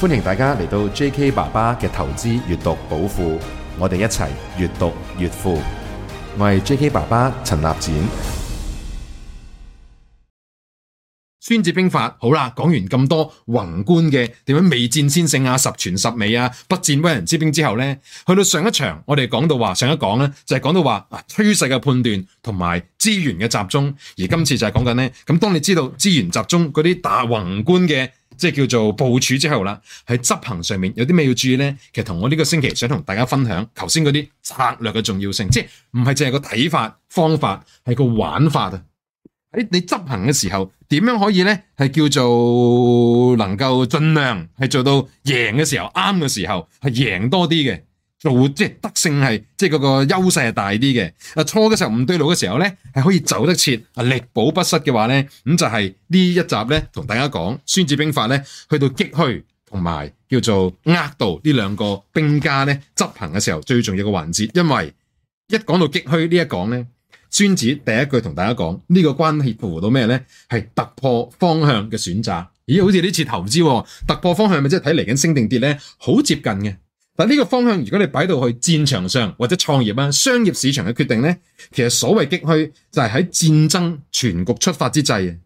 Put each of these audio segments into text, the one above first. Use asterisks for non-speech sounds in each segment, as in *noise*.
歡迎大家嚟到 J.K. 爸爸嘅投資閱讀寶庫，我哋一齊閱讀越富。我係 J.K. 爸爸陳立展。孫子兵法好啦，講完咁多宏觀嘅點樣未戰先勝啊、十全十美啊、不戰屈人之兵之後呢，去到上一場我哋講到話，上一講呢就係、是、講到話啊趨勢嘅判斷同埋資源嘅集中，而今次就係講緊呢，咁當你知道資源集中嗰啲大宏觀嘅。即係叫做部署之後啦，喺執行上面有啲咩要注意咧？其實同我呢個星期想同大家分享，頭先嗰啲策略嘅重要性，即係唔係淨係個睇法、方法，係個玩法啊！喺你執行嘅時候，點樣可以咧係叫做能夠盡量係做到贏嘅時候，啱嘅時候係贏多啲嘅。做即係得勝係，即係嗰個優勢係大啲嘅。啊，初嘅時候唔對路嘅時候咧，係可以走得切啊，力保不失嘅話咧，咁就係呢一集咧，同大家講《孫子兵法》咧，去到擊虛同埋叫做呃道呢兩個兵家咧執行嘅時候最重要嘅環節。因為一講到擊虛呢一講咧，孫子第一句同大家講呢、這個關係乎到咩咧？係突破方向嘅選擇。咦，好似呢次投資、哦、突破方向咪即係睇嚟緊升定跌咧？好接近嘅。但呢個方向，如果你擺到去戰場上或者創業啊，商業市場嘅決定呢，其實所謂擊虛就係喺戰爭全局出發之際啊，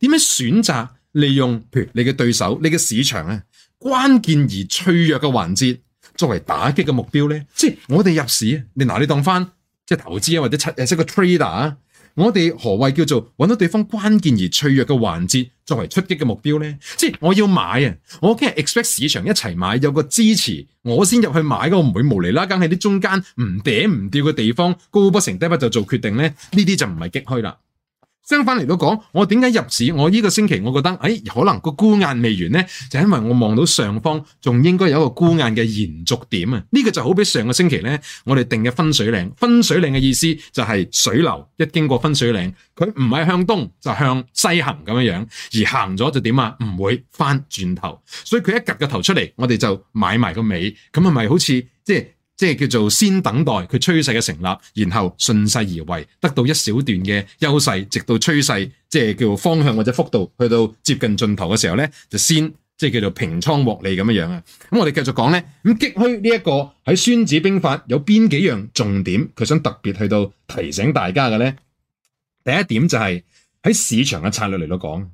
點樣選擇利用譬如你嘅對手、你嘅市場啊，關鍵而脆弱嘅環節作為打擊嘅目標呢？即係我哋入市，你拿你當返投資，或者七誒識個 trader 我哋何謂叫做揾到對方關鍵而脆弱嘅環節作為出擊嘅目標呢？即我要買啊，我驚 expect 市場一齊買有個支持，我先入去買嗰個唔會無厘啦，梗係啲中間唔嗲唔吊嘅地方高不成低不就做決定呢。呢啲就唔係擊虛啦。相反嚟都講，我點解入市？我呢個星期我覺得，誒、哎、可能個孤雁未完呢，就因為我望到上方仲應該有一個孤雁嘅延續點啊。呢、這個就好比上個星期呢，我哋定嘅分水嶺，分水嶺嘅意思就係水流一經過分水嶺，佢唔係向東就向西行咁樣樣，而行咗就點啊？唔會翻轉頭，所以佢一趷個頭出嚟，我哋就買埋個尾，咁係咪好似即係？即係叫做先等待佢趨勢嘅成立，然後順勢而為，得到一小段嘅優勢，直到趨勢即係叫做方向或者幅度去到接近盡頭嘅時候咧，就先即係叫做平倉獲利咁樣樣啊！咁我哋繼續講咧，咁擊虛呢一個喺《孫子兵法》有邊幾樣重點，佢想特別去到提醒大家嘅咧？第一點就係喺市場嘅策略嚟到講，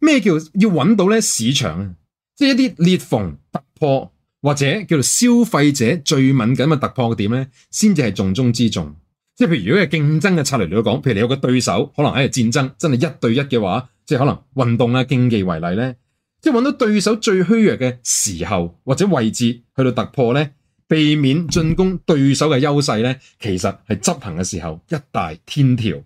咩叫要揾到咧市場啊？即係一啲裂縫突破。或者叫做消費者最敏感嘅突破點呢？先至係重中之重。即係譬如如果係競爭嘅策略嚟講，譬如你有個對手，可能喺戰爭真係一對一嘅話，即係可能運動咧、競技為例呢，即係揾到對手最虛弱嘅時候或者位置去到突破呢，避免進攻對手嘅優勢呢，其實係執行嘅時候一大天條。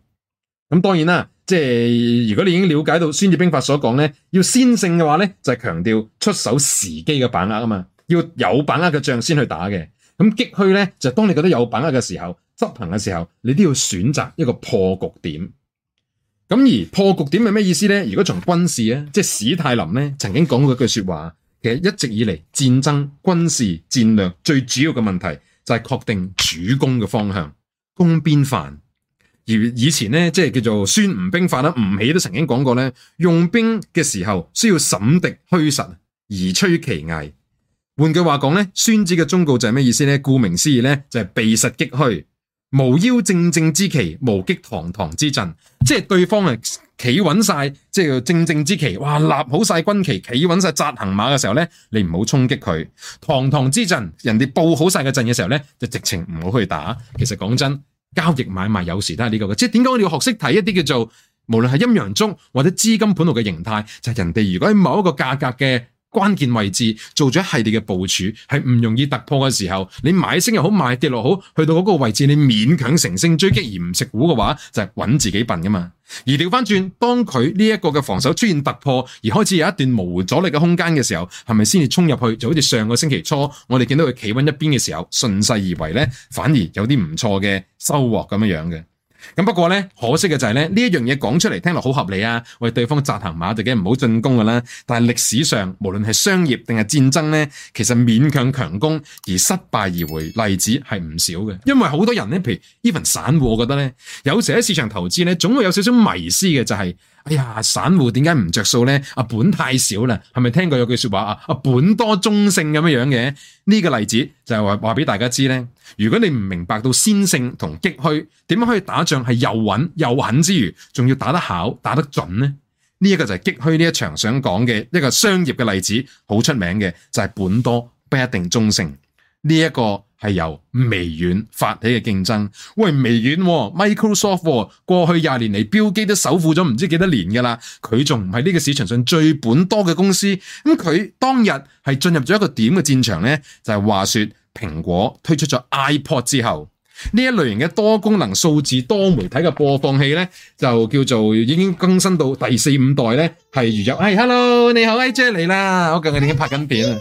咁當然啦，即係如果你已經了解到《孫子兵法》所講呢，要先勝嘅話呢，就係強調出手時機嘅把握啊嘛。要有把握嘅仗先去打嘅，咁擊虛呢，就當你覺得有把握嘅時候，執行嘅時候，你都要選擇一個破局點。咁而破局點係咩意思呢？如果從軍事咧，即係史太林咧曾經講過一句說話嘅，其實一直以嚟戰爭軍事戰略最主要嘅問題就係確定主攻嘅方向，攻邊範。而以前呢，即係叫做孫吳兵法啦，吳起都曾經講過呢：「用兵嘅時候需要審敵虛實而趨其危。換句話講呢，孫子嘅忠告就係咩意思呢？顧名思義呢就係避實擊虛，無腰正正之旗，無擊堂堂之陣。即係對方啊，企穩晒，即係正正之旗，哇，立好晒軍旗，企穩晒紮行馬嘅時候呢，你唔好衝擊佢。堂堂之陣，人哋布好晒嘅陣嘅時候呢，就直情唔好去打。其實講真，交易買賣有時都係呢個嘅。即係點講？你要學識睇一啲叫做，無論係陰陽燭或者資金盤路嘅形態，就係、是、人哋如果喺某一個價格嘅。關鍵位置做咗一系列嘅部署，係唔容易突破嘅時候，你買升又好，賣跌落好，去到嗰個位置，你勉強乘勝追擊而唔食糊嘅話，就係、是、揾自己笨噶嘛。而調翻轉，當佢呢一個嘅防守出現突破，而開始有一段無阻力嘅空間嘅時候，係咪先至衝入去？就好似上個星期初，我哋見到佢企穩一邊嘅時候，順勢而為咧，反而有啲唔錯嘅收穫咁樣樣嘅。咁不過咧，可惜嘅就係咧，呢一樣嘢講出嚟聽落好合理啊，喂對方紮行馬，就梗唔好進攻噶啦。但係歷史上無論係商業定係戰爭咧，其實勉強強攻而失敗而回例子係唔少嘅。因為好多人咧，譬如呢份散戶，我覺得咧，有時喺市場投資咧，總會有少少迷思嘅、就是，就係。哎呀，散戶點解唔着數呢？啊，本太少啦，係咪聽過有句說話啊？啊，本多中性咁樣樣嘅呢個例子就係話話俾大家知呢：如果你唔明白到先勝同激虛點樣可以打仗係又穩又狠之馀，仲要打得巧打得準呢？呢、這、一個就係激虛呢一場想講嘅一個商業嘅例子，好出名嘅就係、是、本多不一定中性。呢一個係由微軟發起嘅競爭，喂，微軟、啊、Microsoft、啊、過去廿年嚟標機都首富咗唔知幾多年噶啦，佢仲唔係呢個市場上最本多嘅公司？咁佢當日係進入咗一個點嘅戰場呢，就係、是、話說，蘋果推出咗 iPod 之後，呢一類型嘅多功能數字多媒體嘅播放器呢，就叫做已經更新到第四五代呢。係如咗，h、hey, hello 你好，i Jerry 嚟喇，我近日點解拍緊片啊？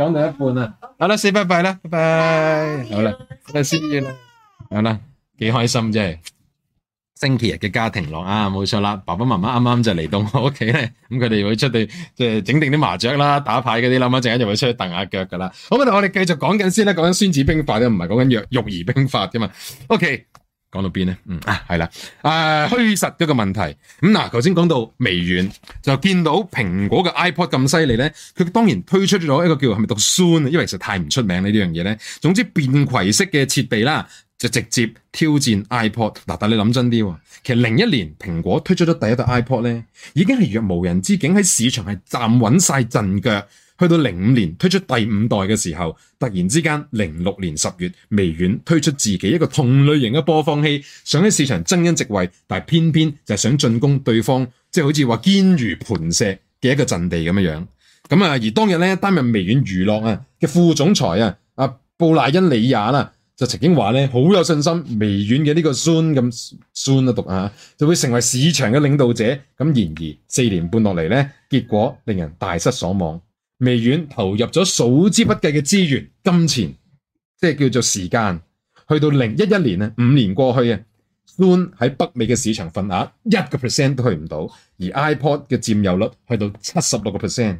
講到一半啦，好啦，先拜拜啦，拜拜，拜拜好啦了，我哋先完啦，好啦，幾開心真係，星期日嘅家庭樂啊，冇錯啦，爸爸媽媽啱啱就嚟到我屋企咧，咁佢哋會出去即係整定啲麻雀啦，打牌嗰啲諗下，一陣就會出去蹬下腳噶啦，好啦，我哋繼續講緊先啦，講緊孫子兵法咧，唔係講緊育兒兵法噶嘛，OK。講到邊呢？嗯啊，係啦，誒、啊，虛實一個問題。咁、啊、嗱，頭先講到微軟就見到蘋果嘅 iPod 咁犀利咧，佢當然推出咗一個叫係咪讀 soon 啊，因為其實太唔出名呢啲樣嘢咧。總之，便攜式嘅設備啦，就直接挑戰 iPod。嗱、啊，但你諗真啲，其實零一年蘋果推出咗第一代 iPod 咧，已經係若無人之境喺市場係站穩晒陣腳。去到零五年推出第五代嘅時候，突然之間零六年十月，微軟推出自己一個同類型嘅播放器想喺市場爭一席位，但偏偏就想進攻對方，即係好似話堅如磐石嘅一個陣地咁樣樣。咁而當日咧，擔任微軟娛樂啊嘅副總裁啊，布賴恩里雅啊，就曾經話呢好有信心微軟嘅呢個 Zune 咁 Zune 啊讀啊，就會成為市場嘅領導者。咁然而四年半落嚟呢，結果令人大失所望。微軟投入咗數之不計嘅資源、金錢，即係叫做時間，去到零一一年咧，五年過去啊，Zune 喺北美嘅市場份額一個 percent 都去唔到，而 iPod 嘅佔有率去到七十六個 percent。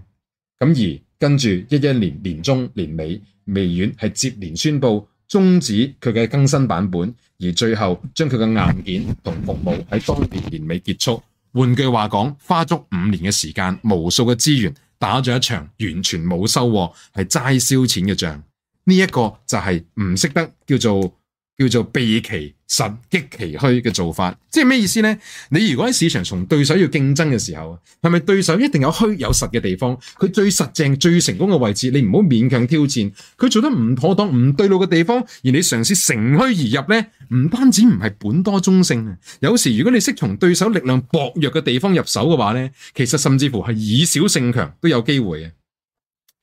咁而跟住一一年年中、年尾，微軟係接連宣布終止佢嘅更新版本，而最後將佢嘅硬件同服務喺當年年尾結束。換句話講，花足五年嘅時間，無數嘅資源。打咗一場完全冇收穫，係齋燒錢嘅仗，呢一個就係唔識得叫做。叫做避其實，擊其虛嘅做法，即係咩意思呢？你如果喺市場從對手要競爭嘅時候啊，係咪對手一定有虛有實嘅地方？佢最實淨、最成功嘅位置，你唔好勉強挑戰。佢做得唔妥當、唔對路嘅地方，而你嘗試乘虛而入呢，唔單止唔係本多中勝啊。有時如果你識從對手力量薄弱嘅地方入手嘅話呢，其實甚至乎係以小勝強都有機會嘅。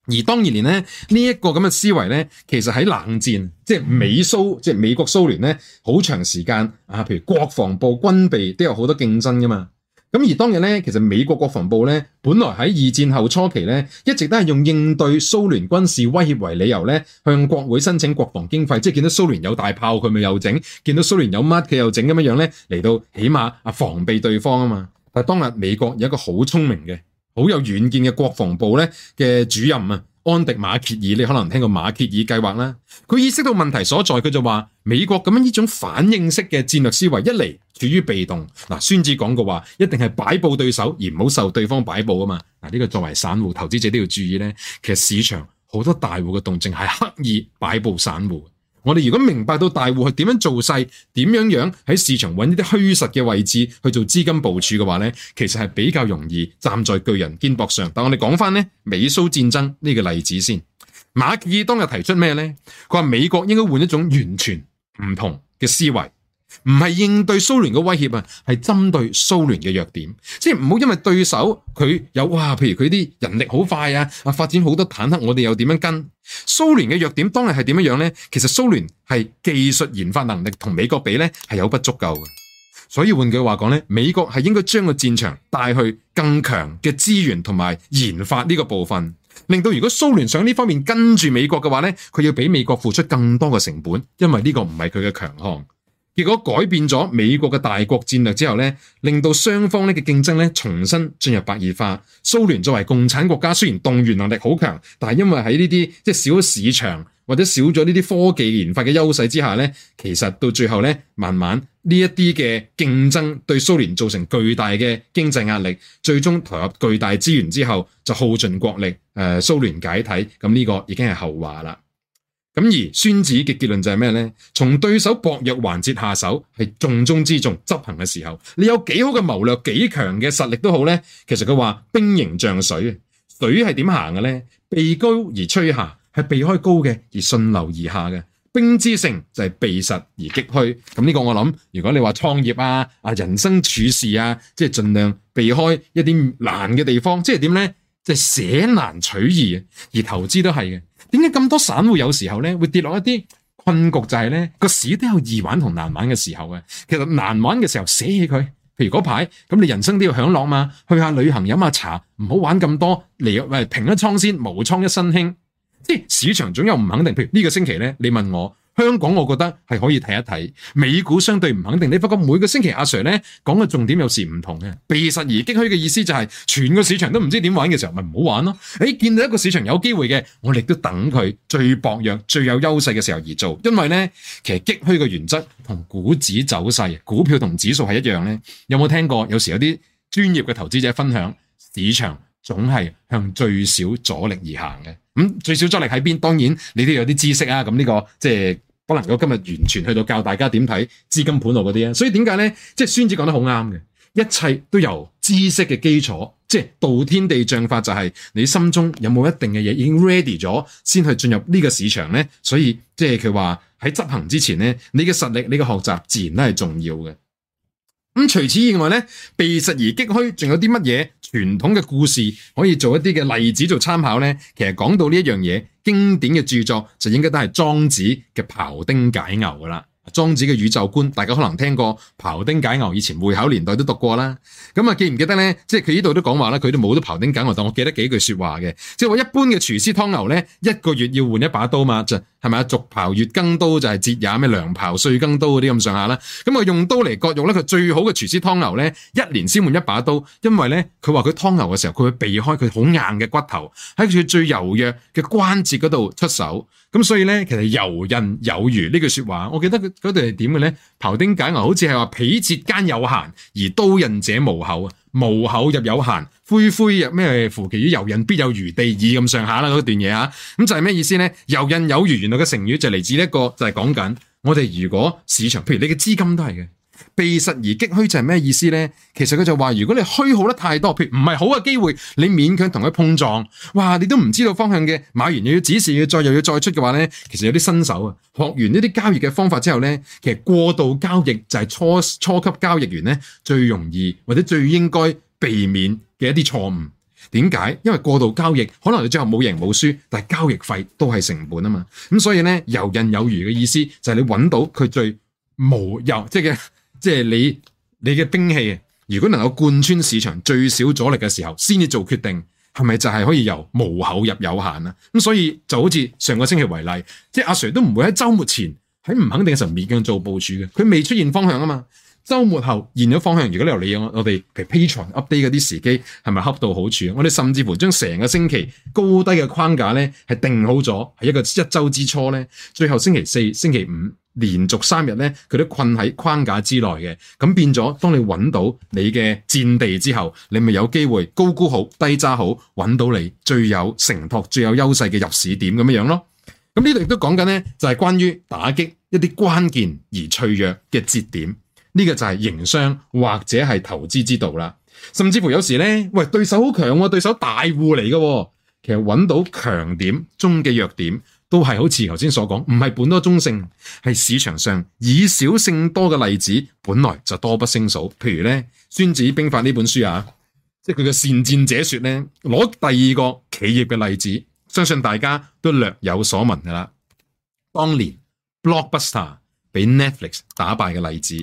而當年咧呢，呢個咁嘅思維咧，其實喺冷戰，即係美蘇，即係美國蘇聯咧，好長時間啊，譬如國防部軍備都有好多競爭㗎嘛。咁而當日咧，其實美國國防部咧，本來喺二戰後初期咧，一直都係用應對蘇聯軍事威脅為理由咧，向國會申請國防經費，即係見到蘇聯有大炮佢咪又整，見到蘇聯有乜佢又整咁樣樣咧，嚟到起碼防備對方啊嘛。但係當日美國有一個好聰明嘅，好有遠見嘅國防部咧嘅主任啊，安迪馬歇爾，你可能聽過馬歇爾計劃啦。佢意識到問題所在，佢就話美國咁樣呢種反應式嘅戰略思維，一嚟處於被動。嗱，孫子講過話，一定係擺布對手，而唔好受對方擺布啊嘛。嗱，呢個作為散戶投資者都要注意咧。其實市場好多大戶嘅動靜係刻意擺布散戶。我哋如果明白到大戶係點樣做勢，點樣樣喺市場揾呢啲虛實嘅位置去做資金部署嘅話呢，其實係比較容易站在巨人肩膊上。但我哋講翻呢美蘇戰爭呢個例子先，馬基爾當日提出咩呢？佢話美國應該換一種完全唔同嘅思維。唔係應對蘇聯嘅威脅啊，係針對蘇聯嘅弱點，即係唔好因為對手佢有哇，譬如佢啲人力好快啊，啊發展好多坦克，我哋又點樣跟蘇聯嘅弱點？當然係點樣樣咧。其實蘇聯係技術研發能力同美國比呢係有不足夠嘅，所以換句話講咧，美國係應該將個戰場帶去更強嘅資源同埋研發呢個部分，令到如果蘇聯想呢方面跟住美國嘅話呢，佢要俾美國付出更多嘅成本，因為呢個唔係佢嘅強項。結果改變咗美國嘅大國戰略之後呢，令到雙方咧嘅競爭咧重新進入白熱化。蘇聯作為共產國家，雖然動員能力好強，但係因為喺呢啲即少咗市場或者少咗呢啲科技研發嘅優勢之下呢，其實到最後呢，慢慢呢一啲嘅競爭對蘇聯造成巨大嘅經濟壓力，最終投入巨大資源之後就耗盡國力，誒、呃，蘇聯解體，咁呢個已經係後話啦。咁而孫子嘅結論就係咩呢？從對手薄弱環節下手係重中之重。執行嘅時候，你有幾好嘅謀略、幾強嘅實力都好呢。其實佢話：兵形象水啊，水係點行嘅呢？避高而趨下，係避開高嘅，而順流而下嘅。兵之勝就係避實而擊虛。咁呢個我諗，如果你話創業啊、啊人生處事啊，即係儘量避開一啲難嘅地方，即係點呢？即係捨難取易啊。而投資都係嘅。點解咁多散戶有時候咧會跌落一啲困局就呢？就係咧個市都有易玩同難玩嘅時候啊！其實難玩嘅時候寫起佢，譬如嗰排，咁你人生都要享樂嘛，去下旅行飲下茶，唔好玩咁多嚟喂平一倉先，無倉一身輕。即市場總有唔肯定，譬如呢個星期咧，你問我。香港，我覺得係可以睇一睇。美股相對唔肯定，你發覺每個星期阿 Sir 咧講嘅重點有時唔同嘅、啊。避實而擊虛嘅意思就係、是，全個市場都唔知點玩嘅時候，咪唔好玩咯、啊。誒、哎，見到一個市場有機會嘅，我哋都等佢最薄弱、最有優勢嘅時候而做。因為咧，其實擊虛嘅原則同股指走勢、股票同指數係一樣咧。有冇聽過？有時有啲專業嘅投資者分享，市場總係向最少阻力而行嘅。咁、嗯、最少阻力喺邊？當然你都有啲知識啊。咁呢、這個即係。唔可能我今日完全去到教大家點睇資金盤路嗰啲啊，所以點解呢？即係孫子講得好啱嘅，一切都由知識嘅基礎，即係道天地將法，就係你心中有冇一定嘅嘢已經 ready 咗，先去進入呢個市場呢？所以即係佢話喺執行之前呢，你嘅實力、你嘅學習自然都係重要嘅。咁除此以外咧，避實而擊虛，仲有啲乜嘢傳統嘅故事可以做一啲嘅例子做參考呢？其實講到呢一樣嘢，經典嘅著作就應該都係莊子嘅《庖丁解牛》㗎喇。莊子嘅宇宙觀，大家可能聽過庖丁解牛，以前會考年代都讀過啦。咁、嗯、啊，記唔記得咧？即係佢呢度都講話咧，佢都冇得「庖丁解牛」，但我記得幾句説話嘅，即係話一般嘅廚師湯牛咧，一個月要換一把刀嘛，就係咪啊？逐刨月更刀就係折也咩？涼刨碎更刀嗰啲咁上下啦。咁、嗯、啊、嗯，用刀嚟割肉咧，佢最好嘅廚師湯牛咧，一年先換一把刀，因為咧，佢話佢湯牛嘅時候，佢會避開佢好硬嘅骨頭，喺佢最柔弱嘅關節嗰度出手。咁所以呢，其實遊刃有餘呢句說話，我記得佢嗰段係點嘅呢？庖丁解牛好似係話彼切間有閒而刀刃者無厚啊，無厚入有閒，灰灰入咩乎其於遊刃必有餘地矣，咁上下啦嗰段嘢啊。咁就係咩意思呢？「遊刃有餘，原來個成語就嚟自一個，就係講緊我哋如果市場，譬如你嘅資金都係嘅。避實而擊虛就係咩意思呢？其實佢就話，如果你虛耗得太多，譬如唔係好嘅機會，你勉強同佢碰撞，哇，你都唔知道方向嘅，買完又要指示，要再又要再出嘅話呢，其實有啲新手啊，學完呢啲交易嘅方法之後呢，其實過度交易就係初初級交易員呢最容易或者最應該避免嘅一啲錯誤。點解？因為過度交易可能你最後冇贏冇輸，但係交易費都係成本啊嘛。咁所以呢，游刃有餘嘅意思就係你揾到佢最無有即係、就是即係你你嘅兵器，如果能夠貫穿市場最少阻力嘅時候，先至做決定係咪就係可以由無口入有限啊？咁所以就好似上個星期為例，即係阿 Sir 都唔會喺周末前喺唔肯定嘅時候勉強做部署嘅，佢未出現方向啊嘛。周末後現咗方向，如果又你由我哋譬如 Patreon update 嗰啲時機係咪恰到好處？我哋甚至乎將成個星期高低嘅框架咧係定好咗，係一個一周之初咧，最後星期四、星期五連續三日咧，佢都困喺框架之內嘅。咁變咗，當你揾到你嘅戰地之後，你咪有機會高沽好、低揸好，揾到你最有承托、最有優勢嘅入市點咁樣樣咯。咁呢度亦都講緊咧，就係關於打擊一啲關鍵而脆弱嘅節點。呢個就係營商或者係投資之道啦。甚至乎有時呢，喂，對手好強喎，對手大戶嚟㗎喎。其實揾到強點中嘅弱點，都係好似頭先所講，唔係本多中性，係市場上以少勝多嘅例子，本來就多不勝數。譬如呢，《孫子兵法》呢本書啊，即係佢嘅善戰者説呢，攞第二個企業嘅例子，相信大家都略有所聞㗎啦。當年 Blockbuster 俾 Netflix 打敗嘅例子。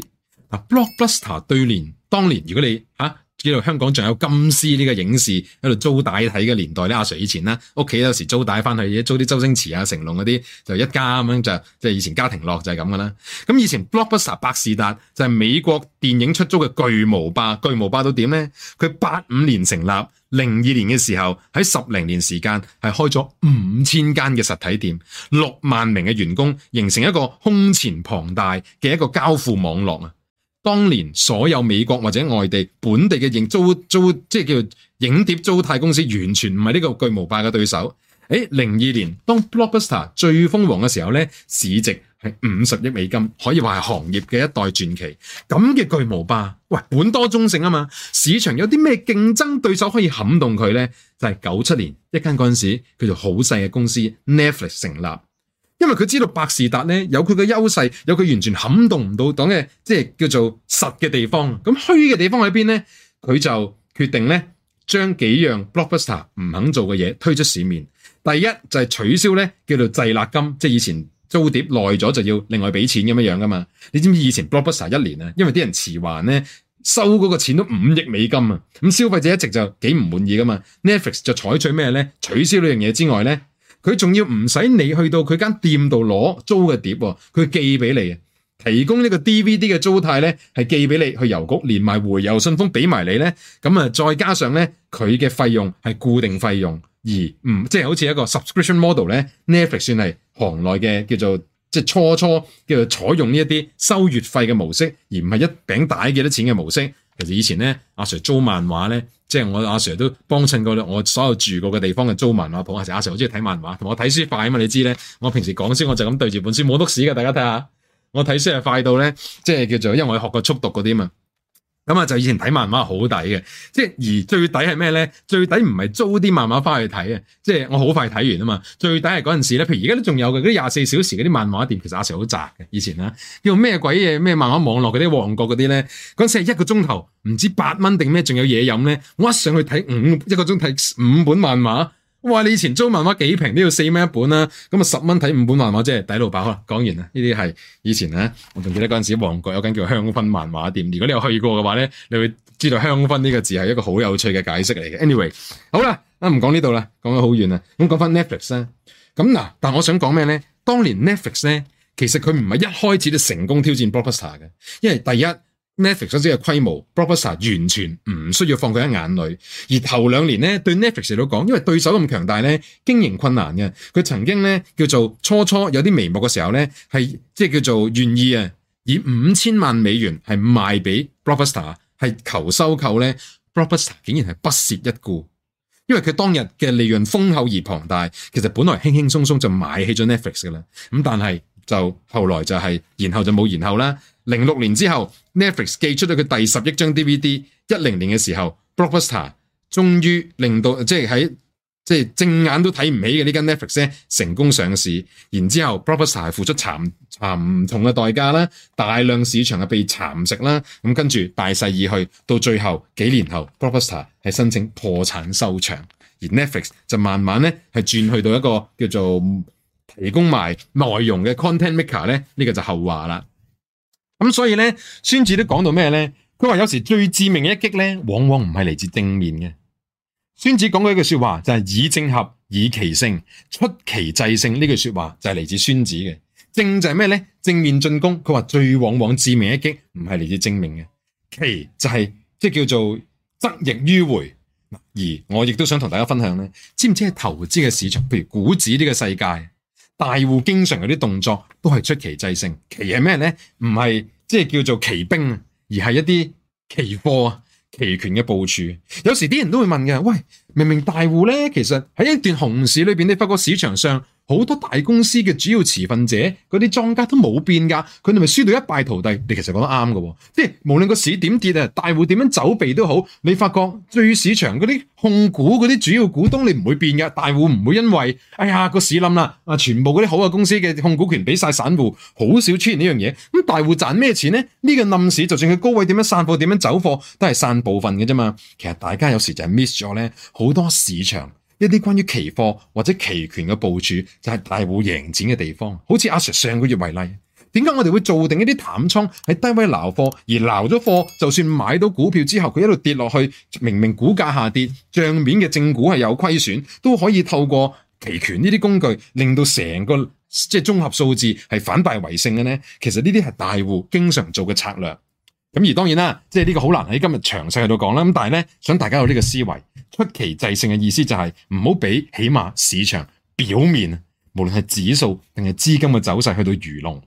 blockbuster 對聯當年如果你吓喺度香港仲有金獅呢個影視喺度租帶睇嘅年代咧，阿 sir 以前咧，屋企有時租帶翻去租啲周星馳啊成龍嗰啲就一家咁樣，就即係以前家庭樂就係咁噶啦。咁以前 blockbuster 百事達就係美國電影出租嘅巨無霸，巨無霸到點咧？佢八五年成立，零二年嘅時候喺十零年時間係開咗五千間嘅實體店，六萬名嘅員工，形成一個空前龐大嘅一個交付網絡啊！當年所有美國或者外地本地嘅影租租即係叫影碟租貸公司，完全唔係呢個巨無霸嘅對手。誒，零二年當 Blockbuster 最瘋狂嘅時候咧，市值係五十億美金，可以話係行業嘅一代傳奇。咁嘅巨無霸，喂，本多中性啊嘛，市場有啲咩競爭對手可以撼動佢咧？就係九七年一間嗰陣時，叫做好細嘅公司 Netflix 成立。因為佢知道百事達咧有佢嘅優勢，有佢完全撼動唔到黨嘅，即係叫做實嘅地方。咁虛嘅地方喺邊咧？佢就決定咧，將幾樣 Blockbuster 唔肯做嘅嘢推出市面。第一就係、是、取消咧，叫做滯納金，即係以前租碟耐咗就要另外俾錢咁樣樣噶嘛。你知唔知以前 Blockbuster 一年啊？因為啲人遲還咧，收嗰個錢都五億美金啊！咁消費者一直就幾唔滿意噶嘛。Netflix 就採取咩咧？取消呢樣嘢之外咧？佢仲要唔使你去到佢間店度攞租嘅碟喎，佢寄俾你啊！提供呢個 DVD 嘅租貸咧，係寄俾你去郵局，連埋回郵信封俾埋你咧。咁啊，再加上咧佢嘅費用係固定費用，而唔即係好似一個 subscription model 咧，Netflix 算係行內嘅叫做即係初初叫做採用呢一啲收月費嘅模式，而唔係一餅帶幾多錢嘅模式。其實以前咧，阿 Sir 租漫畫咧，即係我阿 Sir 都幫襯過我所有住過嘅地方嘅租漫畫鋪。阿 Sir，阿 Sir 好中意睇漫畫，同埋我睇書快啊嘛，你知咧，我平時講書我就咁對住本書，冇碌屎嘅，大家睇下，我睇書係快到咧，即係叫做，因為我學過速讀嗰啲嘛。咁啊，就以前睇漫畫好抵嘅，即係而最抵係咩咧？最抵唔係租啲漫畫翻去睇啊，即係我好快睇完啊嘛。最抵係嗰陣時咧，譬如而家都仲有嘅啲廿四小時嗰啲漫畫店，其實有時好窄嘅。以前啦，叫咩鬼嘢咩漫畫網絡嗰啲旺角嗰啲咧，嗰陣時係一個鐘頭唔知八蚊定咩，仲有嘢飲咧。我一上去睇五一個鐘睇五本漫畫。哇！你以前租漫畫幾平都要四蚊一本啦，啊，咁啊十蚊睇五本漫畫，即係抵老爆啦。講完啦，呢啲係以前啊，我仲記得嗰陣時旺角有間叫香薰漫畫店。如果你有去過嘅話咧，你會知道香薰呢個字係一個好有趣嘅解釋嚟嘅。Anyway，好啦，啊唔講呢度啦，講咗好遠啊。咁講翻 Netflix 啦，咁嗱，但係我想講咩咧？當年 Netflix 咧，其實佢唔係一開始就成功挑戰 Blockbuster 嘅，因為第一。Netflix 所知嘅規模，Blockbuster 完全唔需要放佢喺眼裏。而頭兩年咧，對 Netflix 嚟到講，因為對手咁強大咧，經營困難嘅，佢曾經咧叫做初初有啲眉目嘅時候咧，係即係叫做願意啊，以五千萬美元係賣俾 Blockbuster，係求收購咧，Blockbuster 竟然係不屑一顧，因為佢當日嘅利潤豐厚而龐大，其實本來輕輕松鬆就買起咗 Netflix 噶啦，咁但係。就後來就係、是，然後就冇然後啦。零六年之後，Netflix 寄出咗佢第十億張 DVD。一零年嘅時候，Blockbuster 終於令到即係喺即係正眼都睇唔起嘅呢間 Netflix 咧，成功上市。然之後，Blockbuster 係付出慘慘唔同嘅代價啦，大量市場啊被蠶食啦。咁跟住大勢而去，到最後幾年後，Blockbuster 係申請破產收場，而 Netflix 就慢慢咧，係轉去到一個叫做。提供埋內容嘅 content maker 咧，呢個就後話啦。咁、嗯、所以咧，孫子都講到咩呢？佢話有時最致命嘅一擊咧，往往唔係嚟自正面嘅。孫子講過一句說話，就係以正合，以奇勝，出奇制勝。呢句說話就係嚟自孫子嘅。正就係咩呢？正面進攻，佢話最往往致命嘅一擊唔係嚟自正面嘅。奇就係、是、即、就是、叫做側翼迂回。而我亦都想同大家分享咧，知唔知係投資嘅市場，譬如股指呢個世界？大戶經常有啲動作都係出奇制勝，奇係咩呢？唔係即係叫做奇兵，而係一啲期貨、期權嘅部署。有時啲人都會問嘅，喂，明明大戶呢，其實喺一段熊市裏面，你發覺市場上。好多大公司嘅主要持份者，嗰啲莊家都冇變噶，佢哋咪輸到一敗塗地。你其實講得啱嘅，即係無論個市點跌啊，大戶點樣走避都好，你發覺對市場嗰啲控股嗰啲主要股東你唔會變嘅，大戶唔會因為哎呀個市冧啦，啊全部嗰啲好嘅公司嘅控股權俾晒散戶，好少出現呢樣嘢。咁大戶賺咩錢咧？呢個冧市就算佢高位點樣散貨，點樣走貨都係散部分嘅啫嘛。其實大家有時就係 miss 咗咧好多市場。一啲關於期貨或者期權嘅部署就係大戶贏展嘅地方，好似阿 Sir 上個月為例，點解我哋會做定一啲淡倉喺低位撈貨，而撈咗貨就算買到股票之後佢一路跌落去，明明股價下跌，賬面嘅正股係有虧損，都可以透過期權呢啲工具令到成個即係綜合數字係反敗為勝嘅呢？其實呢啲係大戶經常做嘅策略。咁而當然啦，即、這、係、個、呢個好難喺今日詳細度到講啦。咁但係咧，想大家有呢個思維，出奇制勝嘅意思就係唔好俾起碼市場表面啊，無論係指數定係資金嘅走勢去到愚弄。咁、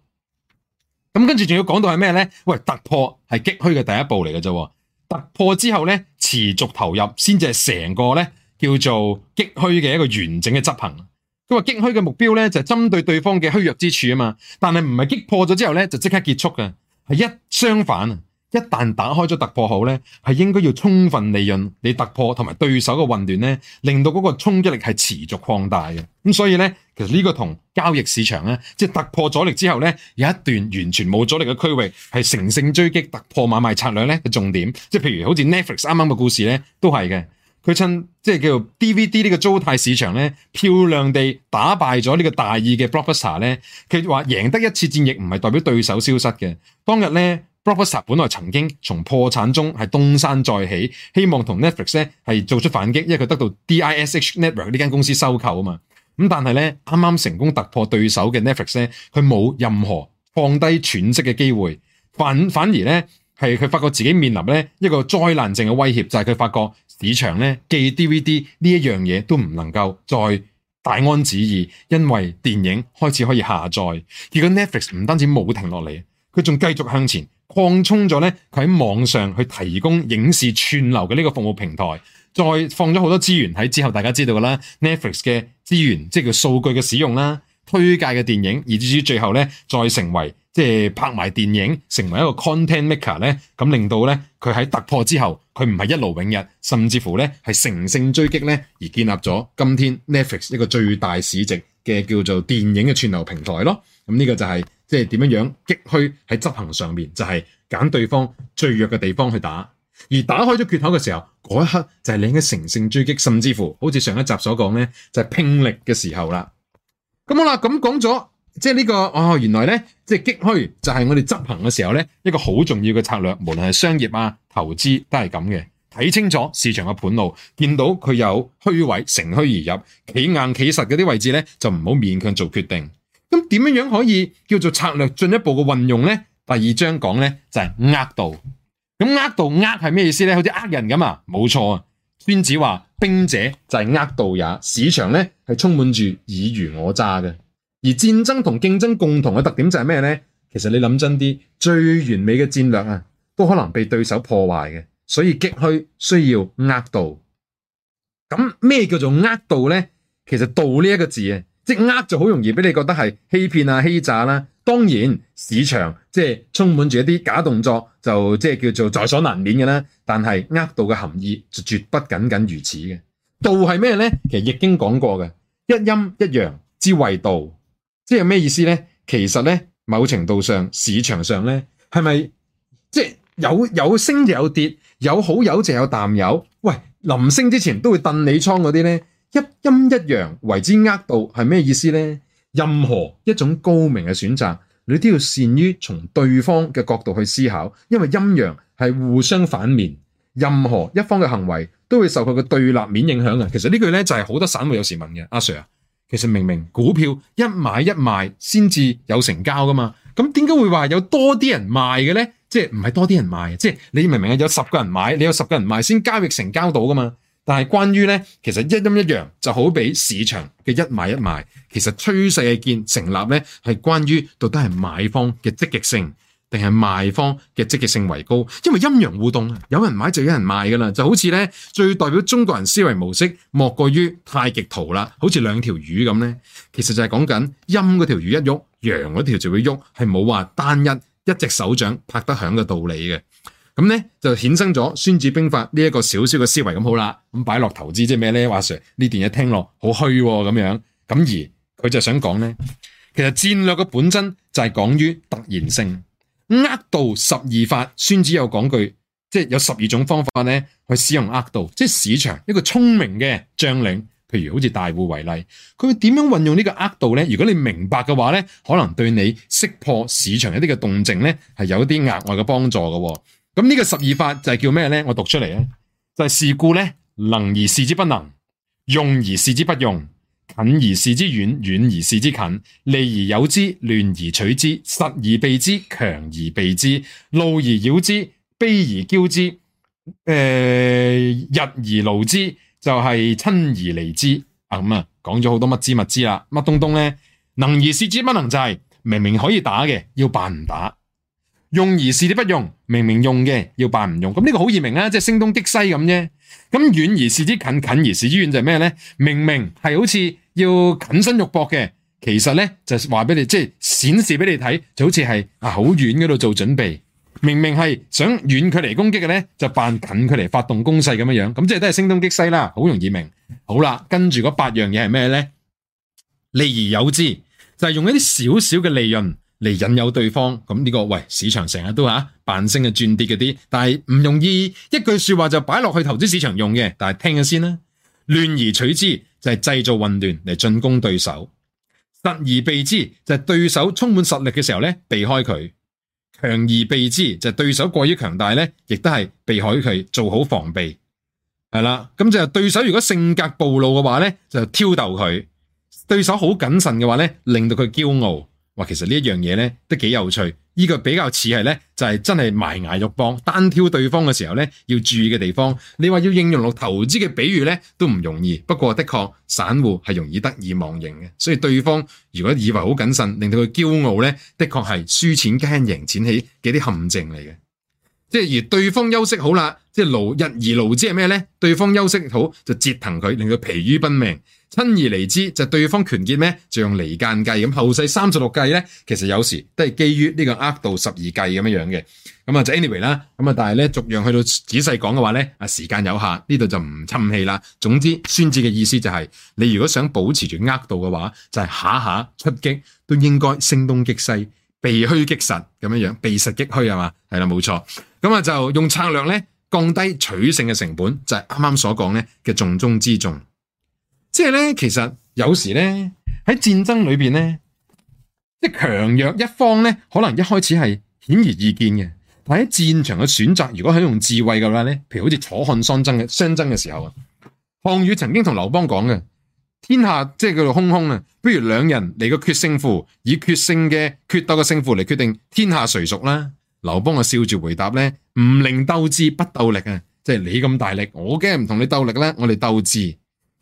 嗯、跟住仲要講到係咩咧？喂，突破係擊虛嘅第一步嚟嘅啫。突破之後咧，持續投入先至係成個咧叫做擊虛嘅一個完整嘅執行。佢話，擊虛嘅目標咧就係、是、針對對方嘅虛弱之處啊嘛。但係唔係擊破咗之後咧就即刻結束嘅，係一相反啊！一旦打開咗突破口咧，係應該要充分利用你突破，同埋對手嘅混亂咧，令到嗰個衝擊力係持續擴大嘅。咁所以咧，其實呢個同交易市場咧，即係突破阻力之後咧，有一段完全冇阻力嘅區域係乘勝追擊突破買賣策略咧嘅重點。即係譬如好似 Netflix 啱啱嘅故事咧，都係嘅。佢趁即係叫 DVD 呢個租貸市場咧，漂亮地打敗咗呢個大意嘅 Blockbuster 咧，佢話贏得一次戰役唔係代表對手消失嘅。當日咧。Blockbuster 本來曾經從破產中係東山再起，希望同 Netflix 咧，係做出反擊，因為佢得到 DISH Network 呢間公司收購啊嘛。咁但係咧，啱啱成功突破對手嘅 Netflix 咧，佢冇任何放低喘息嘅機會，反反而咧係佢發覺自己面臨咧一個災難性嘅威脅，就係佢發覺市場咧寄 DVD 呢一樣嘢都唔能夠再大安旨意，因為電影開始可以下載。結果 Netflix 唔單止冇停落嚟，佢仲繼續向前。擴充咗咧，佢喺網上去提供影視串流嘅呢個服務平台，再放咗好多資源喺之後，大家知道噶啦，Netflix 嘅資源，即係叫數據嘅使用啦，推介嘅電影，以至於最後咧，再成為即係拍埋電影，成為一個 content maker 咧，咁令到咧佢喺突破之後，佢唔係一勞永逸，甚至乎咧係乘勝追擊咧，而建立咗今天 Netflix 一個最大市值嘅叫做電影嘅串流平台咯，咁、這、呢個就係、是。即係點樣樣擊虛喺執行上面，就係揀對方最弱嘅地方去打，而打開咗缺口嘅時候，嗰一刻就係你應該乘勝追擊，甚至乎好似上一集所講咧，就係拼力嘅時候啦。咁好啦，咁講咗即係呢個哦，原來咧即係擊虛就係我哋執行嘅時候咧，一個好重要嘅策略，無論係商業啊、投資都係咁嘅。睇清楚市場嘅盤路，見到佢有虛位，乘虛而入，企硬企實嗰啲位置咧，就唔好勉強做決定。點樣樣可以叫做策略進一步嘅運用呢？第二章講呢，就係、是、呃道。咁呃道呃係咩意思呢？好似呃人咁啊，冇錯啊。孫子話兵者就係呃道也。市場呢係充滿住爾虞我詐嘅。而戰爭同競爭共同嘅特點就係咩呢？其實你諗真啲，最完美嘅戰略啊，都可能被對手破壞嘅。所以擊虛需要呃道。咁咩叫做呃道呢？其實道呢一個字啊。即呃就好容易俾你覺得係欺騙啊、欺詐啦、啊。當然市場即係充滿住一啲假動作，就即係叫做在所難免嘅啦。但係呃到嘅含義就絕不僅僅如此嘅。道係咩咧？其實易經講過嘅，一陰一陽之謂道，即係咩意思咧？其實咧，某程度上市場上咧，係咪即係有有升就有跌，有好友就有淡友？喂，臨升之前都會燉你倉嗰啲咧？一陰一陽為之厄道係咩意思呢？任何一種高明嘅選擇，你都要善於從對方嘅角度去思考，因為陰陽係互相反面，任何一方嘅行為都會受佢嘅對立面影響啊！其實這句呢句咧就係、是、好多散戶有時問嘅，阿、啊、Sir，其實明明股票一買一賣先至有成交噶嘛，咁點解會話有多啲人賣嘅呢？即係唔係多啲人買啊？即你明明有十個人買，你有十個人賣先交易成交到噶嘛？但係關於呢，其實一陰一陽就好比市場嘅一買一賣，其實趨勢嘅建成立呢，係關於到底係買方嘅積極性定係賣方嘅積極性為高，因為陰陽互動，有人買就有人賣噶啦，就好似呢最代表中國人思維模式，莫過於太極圖啦，好似兩條魚咁呢，其實就係講緊陰嗰條魚一喐，陽嗰條就會喐，係冇話單一一隻手掌拍得響嘅道理嘅。咁咧就衍生咗《孫子兵法》呢一個少少嘅思維咁好啦，咁擺落投資即係咩咧？話事呢段嘢聽落好虛咁樣，咁而佢就想講咧，其實戰略嘅本身就係講於突然性，詭道十二法，孫子有講句，即係有十二種方法咧去使用詭道，即係市場一個聰明嘅將領，譬如好似大戶為例，佢會點樣運用呢個詭道咧？如果你明白嘅話咧，可能對你識破市場一啲嘅動靜咧，係有啲額外嘅幫助嘅。咁呢個十二法就係叫咩呢？我讀出嚟呢就係、是、事故咧，能而示之不能，用而示之不用，近而示之遠，遠而示之近，利而有之，亂而取之，實而避之，強而避之，怒而擾之，卑而驕之，誒、呃，日而勞之，就係、是、親而離之。啊，咁啊，講咗好多乜之乜之啦，乜東東呢？「能而示之不能就係、是、明明可以打嘅，要扮唔打。用而示之不用，明明用嘅要扮唔用，咁、這、呢個好易明啦，即係聲東擊西咁啫。咁遠而示之近，近而示之遠就係咩呢？明明係好似要近身肉搏嘅，其實咧就話、是、俾你，即係顯示俾你睇，就好似係好遠嗰度做準備。明明係想遠距離攻擊嘅呢，就扮近距離發動攻勢咁樣樣。咁即係都係聲東擊西啦，好容易明。好啦，跟住嗰八樣嘢係咩呢？利而誘之，就係、是、用一啲小小嘅利潤。嚟引誘對方，咁呢、這個喂市場成日都吓扮升嘅轉跌嗰啲，但係唔容易一句說話就擺落去投資市場用嘅，但係聽下先啦。亂而取之就係、是，製造混亂嚟進攻對手，實而避之就係、是，對手充滿實力嘅時候咧避開佢，強而避之就係、是，對手過於強大咧，亦都係避開佢做好防備，係啦。咁就係對手如果性格暴露嘅話咧就挑逗佢，對手好謹慎嘅話咧令到佢驕傲。其實呢一樣嘢咧都幾有趣，呢個比較似係咧就係真係埋牙肉搏單挑對方嘅時候咧要注意嘅地方。你話要應用落投資嘅比喻咧都唔容易，不過的確散戶係容易得意忘形嘅，所以對方如果以為好謹慎，令到佢驕傲咧，的確係輸錢驚贏錢起嘅啲陷阱嚟嘅。即係而對方休息好啦，即係勞日而勞之係咩咧？對方休息好就折騰佢，令佢疲於奔命。親而離之就是，對方權見咩？就用離間計咁。後世三十六計咧，其實有時都係基於呢個呃度十二計咁樣樣嘅。咁啊就 anyway 啦。咁啊，但係咧逐樣去到仔細講嘅話咧，啊時間有限，呢度就唔侵氣啦。總之孫子嘅意思就係，是，你如果想保持住呃度嘅話，就係，是，下下出擊都應該聲東擊西、避虛擊實咁樣樣，避實擊虛係嘛？係啦，冇錯。咁啊就用策略咧降低取勝嘅成本，就係啱啱所講咧嘅重中之重。即係咧，其實有時咧喺戰爭裏邊咧，即係強弱一方咧，可能一開始係顯而易見嘅。但係喺戰場嘅選擇，如果係用智慧嘅話咧，譬如好似楚漢相爭嘅相爭嘅時候啊，項羽曾經同劉邦講嘅，天下即係叫做空空啊，不如兩人嚟個決勝負，以決勝嘅決鬥嘅勝負嚟決定天下誰屬啦。劉邦啊笑住回答咧，唔令鬥智不鬥力啊，即係你咁大力，我驚唔同你鬥力啦，我哋鬥智。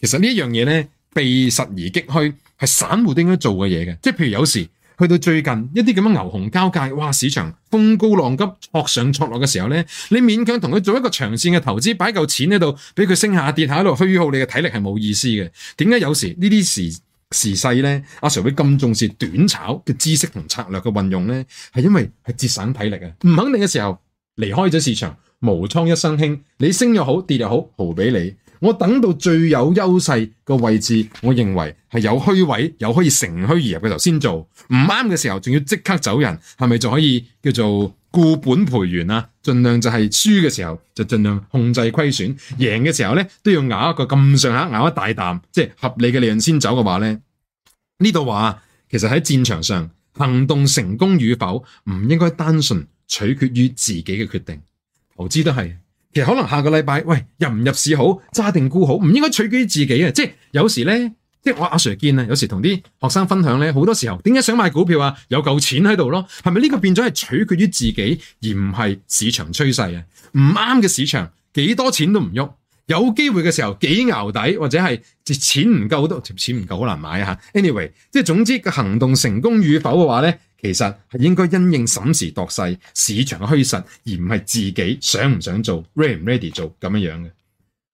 其實呢一樣嘢呢，避實而擊虛，係散戶都應該做嘅嘢嘅。即係譬如有時去到最近一啲咁樣牛熊交界，哇！市場風高浪急，挫上挫落嘅時候呢，你勉強同佢做一個長線嘅投資，擺嚿錢喺度，俾佢升下跌下喺度虛耗你嘅體力係冇意思嘅。點解有時,時,時勢呢啲時時勢呢，阿 Sir 會咁重視短炒嘅知識同策略嘅運用呢？係因為係節省體力啊！唔肯定嘅時候，離開咗市場，無倉一身輕，你升又好，跌又好，好俾你。我等到最有優勢個位置，我認為係有虛位又可以乘虛而入嘅時候先做，唔啱嘅時候仲要即刻走人，係咪就可以叫做固本培元啊？儘量就係輸嘅時候就儘量控制虧損，贏嘅時候咧都要咬一個咁上下，咬一大啖，即係合理嘅利潤先走嘅話咧，呢度話其實喺戰場上行動成功與否唔應該單純取決於自己嘅決定，投資都係。其實可能下個禮拜，喂入唔入市好，揸定沽好，唔應該取決於自己啊！即係有時咧，即係我阿 Sir 見啊，有時同啲、啊、學生分享咧，好多時候點解想買股票啊？有嚿錢喺度咯，係咪呢個變咗係取決於自己而唔係市場趨勢啊？唔啱嘅市場，幾多錢都唔喐。有機會嘅時候，幾牛底或者係錢唔夠都錢唔夠好難買啊！吓，anyway，即係總之個行動成功與否嘅話咧。其實係應該因應審時度勢、市場嘅虛實，而唔係自己想唔想做，ready 唔 *music* ready 做咁樣樣嘅。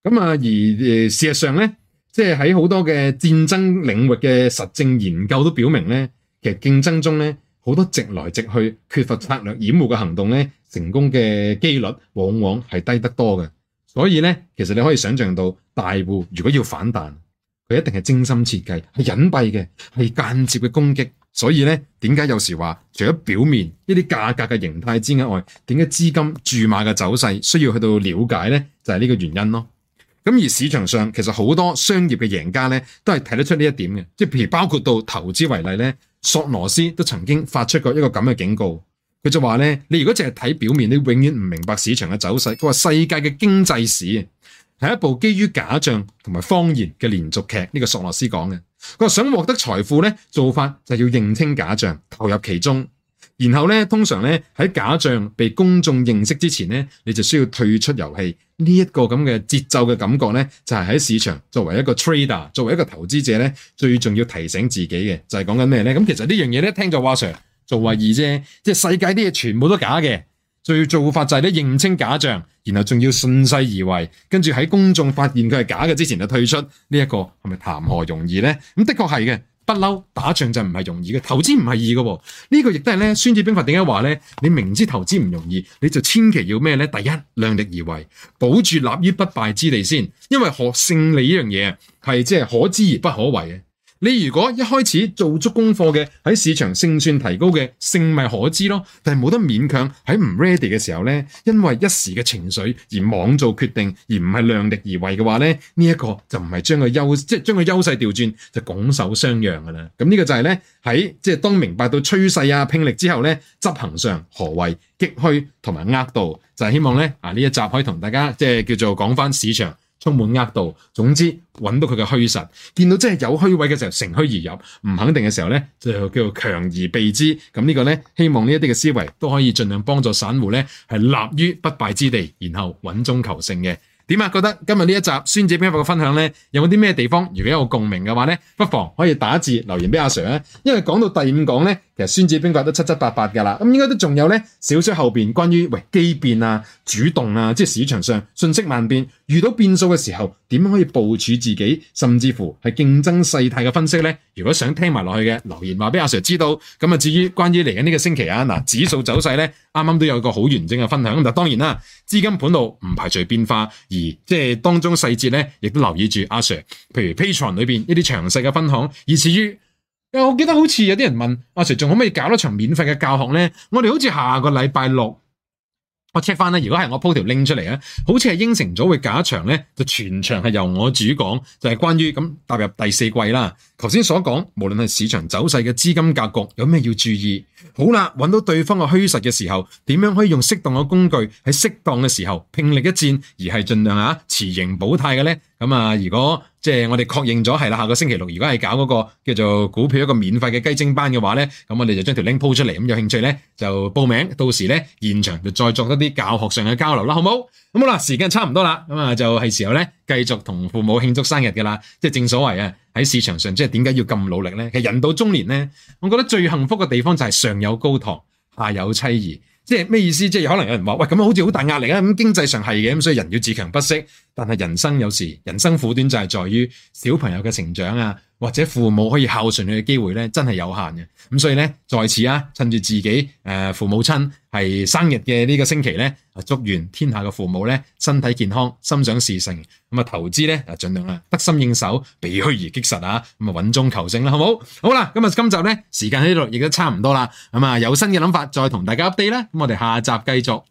咁啊，而、呃、事實上呢，即係喺好多嘅戰爭領域嘅實證研究都表明呢，其實競爭中呢，好多直來直去、缺乏策略掩護嘅行動呢，成功嘅機率往往係低得多嘅。所以呢，其實你可以想象到，大戶如果要反彈，佢一定係精心設計、係隱蔽嘅、係間接嘅攻擊。所以咧，點解有時話除咗表面一啲價格嘅形態之外，點解資金注碼嘅走勢需要去到了解咧？就係、是、呢個原因咯。咁而市場上其實好多商業嘅贏家咧，都係睇得出呢一點嘅。即係譬如包括到投資為例咧，索羅斯都曾經發出過一個咁嘅警告。佢就話咧，你如果淨係睇表面，你永遠唔明白市場嘅走勢。佢話世界嘅經濟史係一部基於假象同埋謊言嘅連續劇。呢、這個索羅斯講嘅。佢話想獲得財富呢，做法就要認清假象，投入其中，然後呢，通常呢，喺假象被公眾認識之前呢，你就需要退出遊戲。呢、這、一個咁嘅節奏嘅感覺呢，就係喺市場作為一個 trader，作為一個投資者呢，最重要提醒自己嘅就係講緊咩呢？咁其實呢樣嘢咧，聽在話上做話二啫，即係世界啲嘢全部都假嘅。最做法就係咧認清假象，然後仲要順勢而為，跟住喺公眾發現佢係假嘅之前就退出呢一個，係咪談何容易呢？咁的確係嘅，不嬲打仗就唔係容易嘅，投資唔係易嘅。呢個亦都係咧《孫子兵法》點解話咧？你明知投資唔容易，你就千祈要咩呢？第一，量力而為，保住立於不敗之地先，因為可勝利呢樣嘢係即係可知而不可為嘅。你如果一開始做足功課嘅，喺市場勝算提高嘅，勝未可知咯。但係冇得勉強喺唔 ready 嘅時候呢，因為一時嘅情緒而妄做決定，而唔係量力而為嘅話呢，呢、這、一個就唔係將個優，即係將個優勢調轉就拱手相讓㗎喇。咁呢個就係呢喺即係當明白到趨勢啊、拼力之後呢，執行上何謂激虛同埋厄道，就係、是、希望呢，啊呢一集可以同大家即係叫做講返市場。充滿額度，總之揾到佢嘅虛實，見到真係有虛位嘅時候，乘虛而入，唔肯定嘅時候咧，就叫做強而避之。咁呢個咧，希望呢一啲嘅思維都可以盡量幫助散戶咧，係立於不敗之地，然後穩中求勝嘅。點啊？覺得今日呢一集《孫子兵法》嘅分享咧，有冇啲咩地方？如果有個共鳴嘅話咧，不妨可以打字留言俾阿 Sir 咧。因為講到第五講咧，其實《孫子兵法》都七七八八噶啦，咁應該都仲有咧少少後邊關於喂機變啊、主動啊，即係市場上瞬息萬變。遇到變數嘅時候，點樣可以部署自己，甚至乎係競爭勢態嘅分析呢？如果想聽埋落去嘅，留言話俾阿 Sir 知道。咁啊，至於關於嚟緊呢個星期啊，嗱指數走勢呢，啱啱都有個好完整嘅分享。嗱，當然啦，資金盤路唔排除變化，而即係當中細節呢，亦都留意住阿 Sir。譬如 Patreon 裏邊一啲詳細嘅分享，而至於我記得好似有啲人問阿 Sir，仲可唔可以搞一場免費嘅教學呢？我哋好似下個禮拜六。我 check 翻，如果係我鋪條 link 出嚟，好似係應承咗會假一場，就全場係由我主講，就係關於咁踏入第四季啦。頭先所講，無論係市場走勢嘅資金格局有咩要注意，好啦，揾到對方嘅虛實嘅時候，點樣可以用適當嘅工具喺適當嘅時候拼力一戰，而係盡量啊持盈保態嘅呢？咁啊、嗯，如果即係我哋確認咗係啦，下個星期六如果係搞嗰個叫做股票一個免費嘅雞精班嘅話咧，咁、嗯嗯嗯、我哋就將條 link 鋪出嚟，咁、嗯、有興趣咧就報名，到時咧現場就再作多啲教學上嘅交流啦，好唔好？咁、嗯、好啦，時間差唔多啦，咁、嗯、啊就係、是、時候咧繼續同父母慶祝生日嘅啦。即係正所謂啊，喺市場上即係點解要咁努力咧？其實人到中年咧，我覺得最幸福嘅地方就係上有高堂，下有妻兒，即係咩意思？即係可能有人話喂，咁好似好大壓力啊，咁經濟上係嘅，咁所以人要自強不息。但係人生有時，人生苦短就係在於小朋友嘅成長啊，或者父母可以孝順佢嘅機會咧，真係有限嘅。咁所以咧，在此啊，趁住自己誒、呃、父母親係生日嘅呢個星期咧，啊，祝願天下嘅父母咧身體健康，心想事成。咁啊，投資咧啊，盡量啦，得心應手，避虛而擊實啊，咁啊，穩中求勝啦，好唔好？好啦，今日今集咧時間喺呢度亦都差唔多啦，咁啊，有新嘅諗法再同大家 update 啦，咁我哋下集繼續。